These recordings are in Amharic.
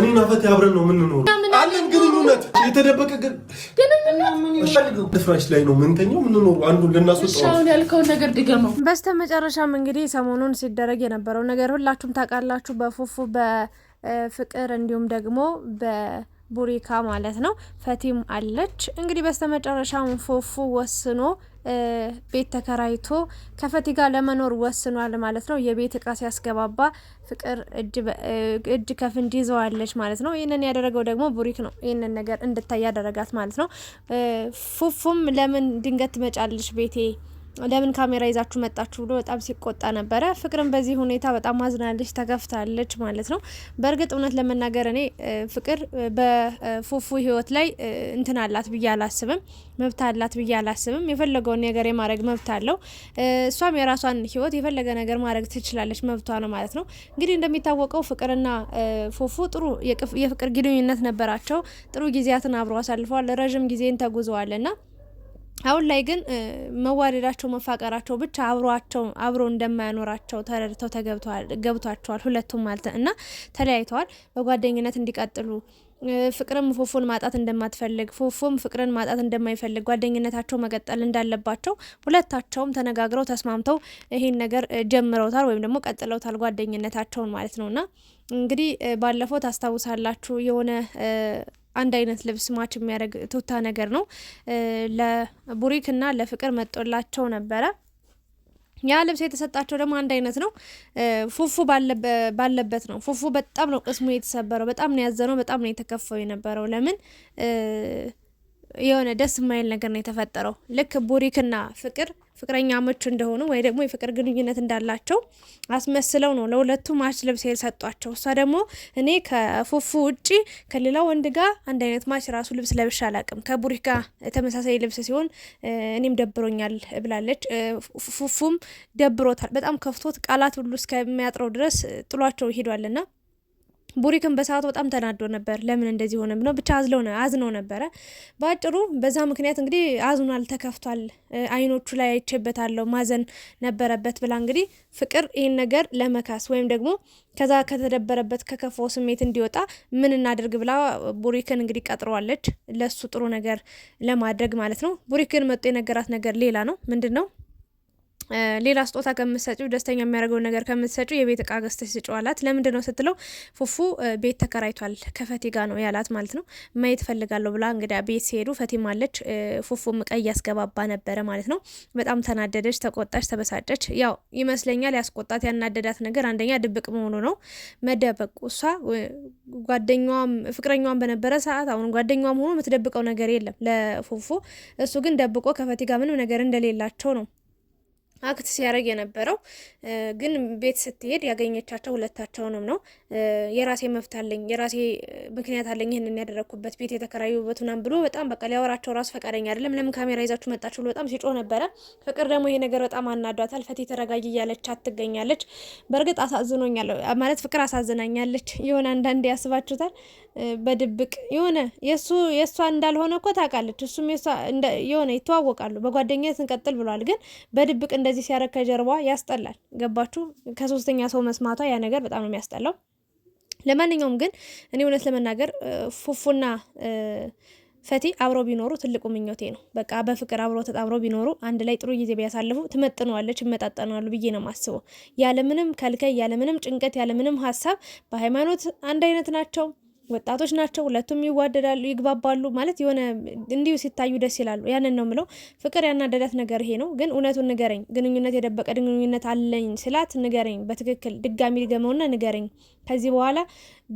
እኔና ፈቴ አብረን ነው የምንኖረው፣ አለን ግንኙነት። የተደበቀ ግን ድፍራሽ ላይ ነው የምንተኛው የምንኖረው። አንዱን ልናስወጣው ያልከውን ነገር ድገመው። በስተ መጨረሻም እንግዲህ ሰሞኑን ሲደረግ የነበረው ነገር ሁላችሁም ታውቃላችሁ። በፉፉ በፍቅር እንዲሁም ደግሞ በ ቡሪካ ማለት ነው። ፈቲም አለች እንግዲህ በስተመጨረሻም ፉፉ ወስኖ ቤት ተከራይቶ ከፈቲ ጋር ለመኖር ወስኗል ማለት ነው። የቤት እቃ ሲያስገባባ ፍቅር እጅ ከፍንጅ ይዘዋለች ማለት ነው። ይህንን ያደረገው ደግሞ ቡሪክ ነው። ይህንን ነገር እንድታይ ያደረጋት ማለት ነው። ፉፉም ለምን ድንገት ትመጫለች ቤቴ ለምን ካሜራ ይዛችሁ መጣችሁ ብሎ በጣም ሲቆጣ ነበረ። ፍቅርም በዚህ ሁኔታ በጣም አዝናለች፣ ተገፍታለች ማለት ነው። በእርግጥ እውነት ለመናገር እኔ ፍቅር በፉፉ ህይወት ላይ እንትን አላት ብዬ አላስብም፣ መብት አላት ብዬ አላስብም። የፈለገውን ነገር የማድረግ መብት አለው። እሷም የራሷን ህይወት የፈለገ ነገር ማድረግ ትችላለች፣ መብቷ ነው ማለት ነው። እንግዲህ እንደሚታወቀው ፍቅርና ፉፉ ጥሩ የፍቅር ግንኙነት ነበራቸው። ጥሩ ጊዜያትን አብረው አሳልፈዋል። ረዥም ጊዜን ተጉዘዋልና አሁን ላይ ግን መዋደዳቸው መፋቀራቸው ብቻ አብሮቸው አብሮ እንደማያኖራቸው ተረድተው ገብቷቸዋል። ሁለቱም ማለት እና ተለያይተዋል። በጓደኝነት እንዲቀጥሉ ፍቅርም ፎፎን ማጣት እንደማትፈልግ ፎፎም ፍቅርን ማጣት እንደማይፈልግ ጓደኝነታቸው መቀጠል እንዳለባቸው ሁለታቸውም ተነጋግረው ተስማምተው ይሄን ነገር ጀምረውታል ወይም ደግሞ ቀጥለውታል ጓደኝነታቸውን ማለት ነውና እንግዲህ ባለፈው ታስታውሳላችሁ የሆነ አንድ አይነት ልብስ ማች የሚያደርግ ቱታ ነገር ነው። ለቡሪክና ለፍቅር መጦላቸው ነበረ። ያ ልብስ የተሰጣቸው ደግሞ አንድ አይነት ነው። ፉፉ ባለበት ነው። ፉፉ በጣም ነው ቅስሙ የተሰበረው። በጣም ነው ያዘነው። በጣም ነው የተከፈው የነበረው ለምን የሆነ ደስ የማይል ነገር ነው የተፈጠረው። ልክ ቡሪክና ፍቅር ፍቅረኛ ፍቅረኛሞች እንደሆኑ ወይ ደግሞ የፍቅር ግንኙነት እንዳላቸው አስመስለው ነው ለሁለቱ ማች ልብስ የሰጧቸው። እሷ ደግሞ እኔ ከፉፉ ውጪ ከሌላ ወንድ ጋር አንድ አይነት ማች ራሱ ልብስ ለብሻ አላቅም፣ ከቡሪክ ጋር ተመሳሳይ ልብስ ሲሆን እኔም ደብሮኛል ብላለች። ፉፉም ደብሮታል፣ በጣም ከፍቶት ቃላት ሁሉ እስከሚያጥረው ድረስ ጥሏቸው ይሄዷልና ቡሪክን በሰዓቱ በጣም ተናዶ ነበር። ለምን እንደዚህ ሆነ ብሎ ብቻ አዝለው አዝነው ነበረ። በአጭሩ በዛ ምክንያት እንግዲህ አዝኗል፣ ተከፍቷል፣ አይኖቹ ላይ አይቼበታለሁ፣ ማዘን ነበረበት ብላ እንግዲህ ፍቅር ይህን ነገር ለመካስ ወይም ደግሞ ከዛ ከተደበረበት ከከፋው ስሜት እንዲወጣ ምን እናደርግ ብላ ቡሪክን እንግዲህ ቀጥረዋለች፣ ለሱ ጥሩ ነገር ለማድረግ ማለት ነው። ቡሪክን መጡ የነገራት ነገር ሌላ ነው። ምንድን ነው ሌላ ስጦታ ከምትሰጪው ደስተኛ የሚያደርገውን ነገር ከምትሰጪው የቤት እቃ ገዝተሽ ስጪው አላት። ለምንድን ነው ስትለው ፉፉ ቤት ተከራይቷል ከፈቲ ጋ ነው ያላት ማለት ነው። ማየት ፈልጋለሁ ብላ እንግዲህ ቤት ሲሄዱ ፈቲ ማለች ፉፉም እቃ እያስገባባ ነበረ ማለት ነው። በጣም ተናደደች፣ ተቆጣች፣ ተበሳጨች። ያው ይመስለኛል ያስቆጣት ያናደዳት ነገር አንደኛ ድብቅ መሆኑ ነው መደበቁ። እሷ ጓደኛዋም ፍቅረኛዋም በነበረ ሰዓት አሁን ጓደኛዋም ሆኖ የምትደብቀው ነገር የለም ለፉፉ። እሱ ግን ደብቆ ከፈቲ ጋ ምንም ነገር እንደሌላቸው ነው አክት ሲያደርግ የነበረው ግን ቤት ስትሄድ ያገኘቻቸው ሁለታቸውንም ነው። የራሴ መፍት አለኝ፣ የራሴ ምክንያት አለኝ፣ ይህንን ያደረግኩበት ቤት የተከራዩበት ምናምን ብሎ በጣም በቃ ሊያወራቸው ራሱ ፈቃደኛ አይደለም። ለምን ካሜራ ይዛችሁ መጣችሁ ብሎ በጣም ሲጮ ነበረ። ፍቅር ደግሞ ይሄ ነገር በጣም አናዷታል። ፈቲ ተረጋጊ እያለች ትገኛለች። በእርግጥ አሳዝኖኛል ማለት ፍቅር አሳዝናኛለች። የሆነ አንዳንዴ ያስባችሁታል በድብቅ የሆነ የእሱ የእሷ እንዳልሆነ እኮ ታውቃለች። እሱም የሆነ ይተዋወቃሉ በጓደኝነት እንቀጥል ብሏል። ግን በድብቅ እንደዚህ ሲያደረግ ከጀርባ ያስጠላል። ገባችሁ? ከሶስተኛ ሰው መስማቷ ያ ነገር በጣም ነው የሚያስጠላው። ለማንኛውም ግን እኔ እውነት ለመናገር ፉፉና ፈቲ አብረው ቢኖሩ ትልቁ ምኞቴ ነው። በቃ በፍቅር አብረው ተጣምረው ቢኖሩ አንድ ላይ ጥሩ ጊዜ ቢያሳልፉ ትመጥነዋለች፣ ይመጣጠናሉ ብዬ ነው ማስበው። ያለምንም ከልከይ፣ ያለምንም ጭንቀት፣ ያለምንም ሀሳብ በሃይማኖት አንድ አይነት ናቸው። ወጣቶች ናቸው። ሁለቱም ይዋደዳሉ፣ ይግባባሉ ማለት የሆነ እንዲሁ ሲታዩ ደስ ይላሉ። ያንን ነው ምለው። ፍቅር ያናደዳት ነገር ይሄ ነው። ግን እውነቱን ንገረኝ፣ ግንኙነት የደበቀ ግንኙነት አለኝ ስላት ንገረኝ፣ በትክክል ድጋሚ ድገመውና ንገረኝ። ከዚህ በኋላ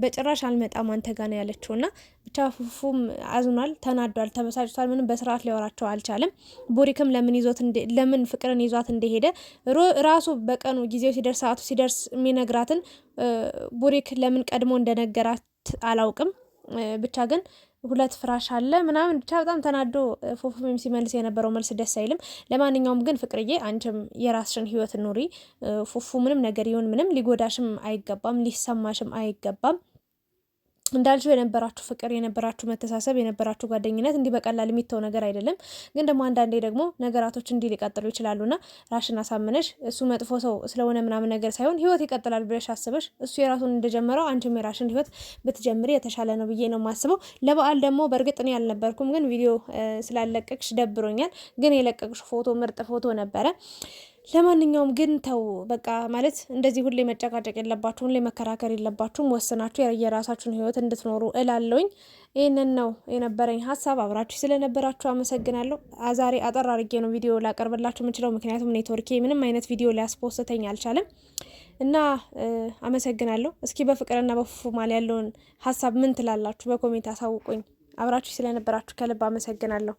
በጭራሽ አልመጣም አንተ ጋ ነው ያለችው። እና ብቻ ፉፉም አዝኗል፣ ተናዷል፣ ተበሳጭቷል። ምንም በስርዓት ሊያወራቸው አልቻለም። ቡሪክም ለምን ይዞት ለምን ፍቅርን ይዟት እንደሄደ ራሱ በቀኑ ጊዜው ሲደርስ ሰዓቱ ሲደርስ የሚነግራትን ቡሪክ ለምን ቀድሞ እንደነገራት አላውቅም። ብቻ ግን ሁለት ፍራሽ አለ ምናምን ብቻ በጣም ተናዶ ፎፉም ሲመልስ የነበረው መልስ ደስ አይልም። ለማንኛውም ግን ፍቅርዬ አንቺም የራስሽን ህይወት ኑሪ። ፉፉ ምንም ነገር ይሁን ምንም ሊጎዳሽም አይገባም፣ ሊሰማሽም አይገባም። እንዳልሽው የነበራችሁ ፍቅር፣ የነበራችሁ መተሳሰብ፣ የነበራችሁ ጓደኝነት እንዲህ በቀላል የሚተው ነገር አይደለም። ግን ደግሞ አንዳንዴ ደግሞ ነገራቶች እንዲህ ሊቀጥሉ ይችላሉና ራሽን አሳምነሽ እሱ መጥፎ ሰው ስለሆነ ምናምን ነገር ሳይሆን ህይወት ይቀጥላል ብለሽ አስበሽ እሱ የራሱን እንደጀመረው አንቺም የራሽን ህይወት ብትጀምሪ የተሻለ ነው ብዬ ነው የማስበው። ለበዓል ደግሞ በእርግጥ እኔ አልነበርኩም፣ ግን ቪዲዮ ስላለቀቅሽ ደብሮኛል። ግን የለቀቅሽ ፎቶ ምርጥ ፎቶ ነበረ። ለማንኛውም ግን ተው በቃ ማለት እንደዚህ ሁሌ መጨቃጨቅ የለባችሁም፣ ሁሌ መከራከር የለባችሁም። ወስናችሁ የራሳችሁን ህይወት እንድትኖሩ እላለውኝ። ይህንን ነው የነበረኝ ሀሳብ። አብራችሁ ስለነበራችሁ አመሰግናለሁ። ዛሬ አጠር አርጌ ነው ቪዲዮ ላቀርብላችሁ የምችለው፣ ምክንያቱም ኔትወርኬ ምንም አይነት ቪዲዮ ሊያስፖስተኝ አልቻለም እና አመሰግናለሁ። እስኪ በፍቅርና በፉፉ ማል ያለውን ሀሳብ ምን ትላላችሁ? በኮሜንት አሳውቁኝ። አብራችሁ ስለነበራችሁ ከልብ አመሰግናለሁ።